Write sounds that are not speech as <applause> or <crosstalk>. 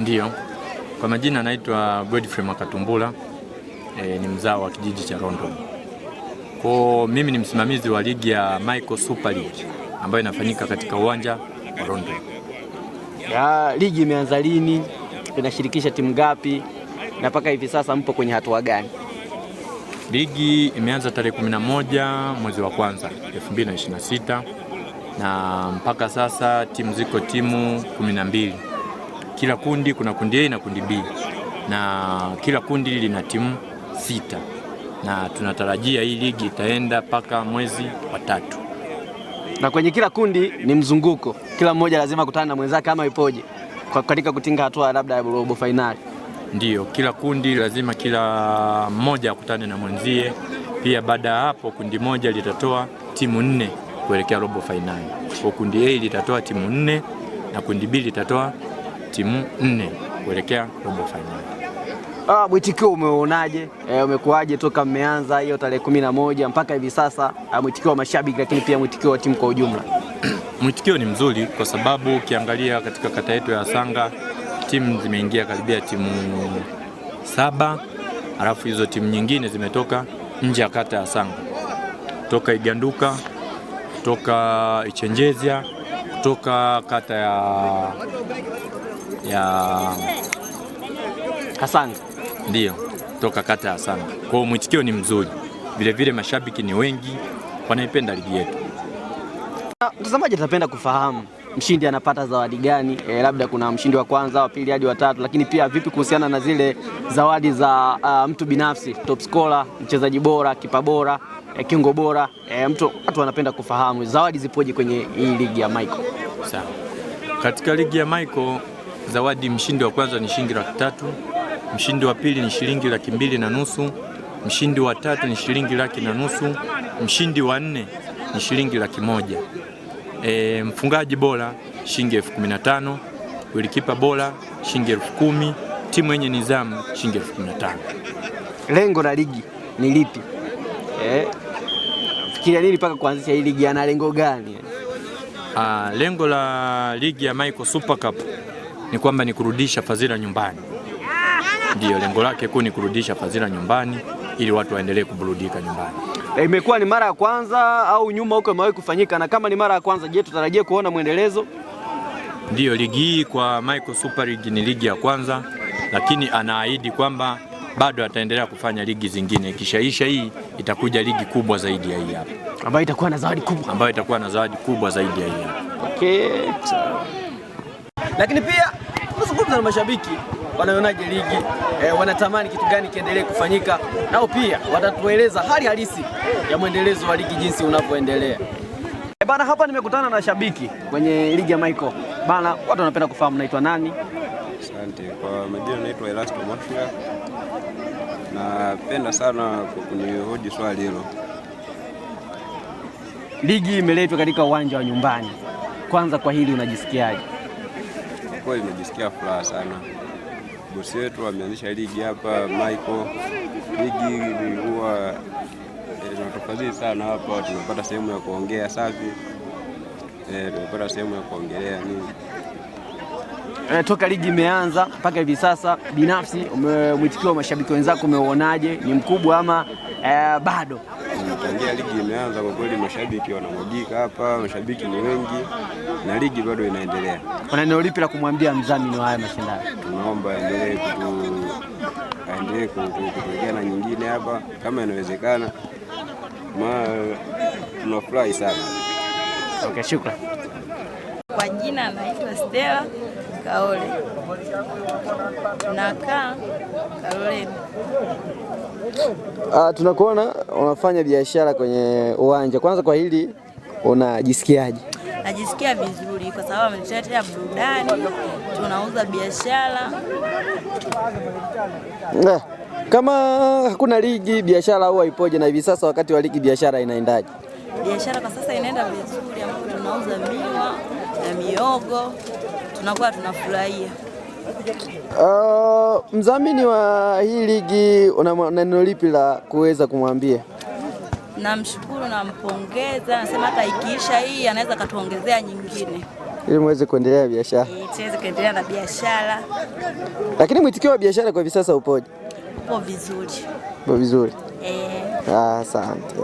Ndiyo, kwa majina naitwa Godfrey makatumbula e, ni mzao wa kijiji cha London. Kwa mimi ni msimamizi wa ligi ya Michael Super League ambayo inafanyika katika uwanja wa London. Ya, ligi imeanza lini? Inashirikisha timu ngapi? Na mpaka hivi sasa mpo kwenye hatua gani? Ligi imeanza tarehe 11 mwezi wa kwanza 2026 na mpaka sasa timu ziko timu 12 kila kundi kuna kundi A na kundi B, na kila kundi lina timu sita, na tunatarajia hii ligi itaenda mpaka mwezi wa tatu. Na kwenye kila kundi ni mzunguko, kila mmoja lazima kutana na mwenzake, ama ipoje kwa katika kutinga hatua labda ya robo fainali? Ndiyo, kila kundi lazima kila mmoja akutane na mwenzie. Pia baada ya hapo kundi moja litatoa timu nne kuelekea robo fainali, kwa kundi A litatoa timu nne na kundi B litatoa timu nne kuelekea robo fainali. Ah, mwitikio umeonaje? E, umekuwaje toka mmeanza hiyo tarehe kumi na moja mpaka hivi sasa, ah, mwitikio wa mashabiki lakini pia mwitikio wa timu kwa ujumla? <clears throat> Mwitikio ni mzuri kwa sababu ukiangalia katika kata yetu ya Sanga timu zimeingia karibia timu saba, alafu hizo timu nyingine zimetoka nje ya kata ya Sanga, toka Iganduka, toka Ichenjezia, kutoka kata ya ya Hasanga ndio toka kata ya Hasanga. Kwa hiyo mwitikio ni mzuri, vilevile mashabiki ni wengi wanaipenda ligi yetu. Mtazamaji atapenda kufahamu mshindi anapata zawadi gani? E, labda kuna mshindi wa kwanza, wa pili hadi wa tatu, lakini pia vipi kuhusiana na zile zawadi za uh, mtu binafsi, top scorer, mchezaji bora, kipa bora, e, kiungo bora e, mtu watu wanapenda kufahamu zawadi zipoje kwenye hii ligi ya Michael. Sawa. Katika ligi ya Michael Zawadi mshindi wa kwanza ni shilingi laki tatu, mshindi wa pili ni shilingi laki mbili na nusu, mshindi wa tatu ni shilingi laki na nusu, mshindi wa nne ni shilingi laki moja. E, mfungaji bora shilingi elfu kumi na tano, golikipa bora shilingi elfu kumi, timu yenye nidhamu shilingi elfu kumi na tano. Lengo la ligi ni lipi? Eh, fikiria nini mpaka kuanzisha hii ligi, ana lengo gani? Ah, lengo la ligi ya Michael Super Cup ni kwamba ni kurudisha Fadhila nyumbani. Ndio lengo lake kuu ni kurudisha Fadhila nyumbani ili watu waendelee kuburudika nyumbani. E, imekuwa ni mara ya kwanza au nyuma huko imewahi kufanyika? Na kama ni mara ya kwanza, je, tutarajie kuona mwendelezo? Ndiyo, ligi hii kwa Michael Super League ni ligi ya kwanza, lakini anaahidi kwamba bado ataendelea kufanya ligi zingine. Ikishaisha hii itakuja ligi kubwa zaidi ya hii hapa, ambayo itakuwa na zawadi kubwa, ambayo itakuwa na zawadi kubwa zaidi ya hii hapa. Okay. Lakini pia kuzungumza na mashabiki wanaonaje ligi e, wanatamani kitu gani kiendelee kufanyika, nao pia watatueleza hali halisi ya mwendelezo wa ligi jinsi unavyoendelea. E, bana hapa nimekutana na shabiki kwenye ligi ya Michael. Bana watu wanapenda kufahamu naitwa nani? Asante. Kwa majina naitwa Erasto Mwafia. Napenda sana kunihoji swali hilo. Ligi imeletwa katika uwanja wa nyumbani, kwanza kwa hili unajisikiaje? kweli najisikia furaha sana. Bosi wetu ameanzisha ligi hapa Michael, ligi ilikuwa tunatofadhili eh, sana hapa, tumepata sehemu ya kuongea safi, eh, tumepata sehemu ya kuongelea nini eh, toka ligi imeanza mpaka hivi sasa, binafsi mwitikio wa mashabiki wenzako umeuonaje? Ni mkubwa ama eh, bado? tangia ligi imeanza, kwa kweli mashabiki wanamwagika hapa, mashabiki ni wengi na ligi bado inaendelea. Kuna neno lipi la kumwambia mdhamini wa haya mashindano? Tunaomba aendelee aendelee kutuwekea na nyingine hapa kama inawezekana, ma tunafurahi sana. Okay, shukrani. Kwa jina anaitwa Stella Kaole, tunakaa Kaloleni. Uh, tunakuona unafanya biashara kwenye uwanja. Kwanza kwa hili unajisikiaje? Najisikia vizuri kwa sababu ametuletea burudani, tunauza biashara. Nah, eh, kama hakuna ligi biashara huwa ipoje? Na hivi sasa wakati wa ligi biashara inaendaje? Biashara kwa sasa inaenda vizuri, ambapo tunauza miwa na miogo, tunakuwa tunafurahia. Uh, mzamini wa hii ligi una neno lipi la kuweza kumwambia? Namshukuru, nampongeza, anasema hata ikiisha hii anaweza akatuongezea nyingine ili muweze kuendelea na biashara, tuweze kuendelea na biashara. Lakini mwitikio wa biashara kwa hivi sasa upoje? Upo vizuri, upo vizuri. Eh, asante.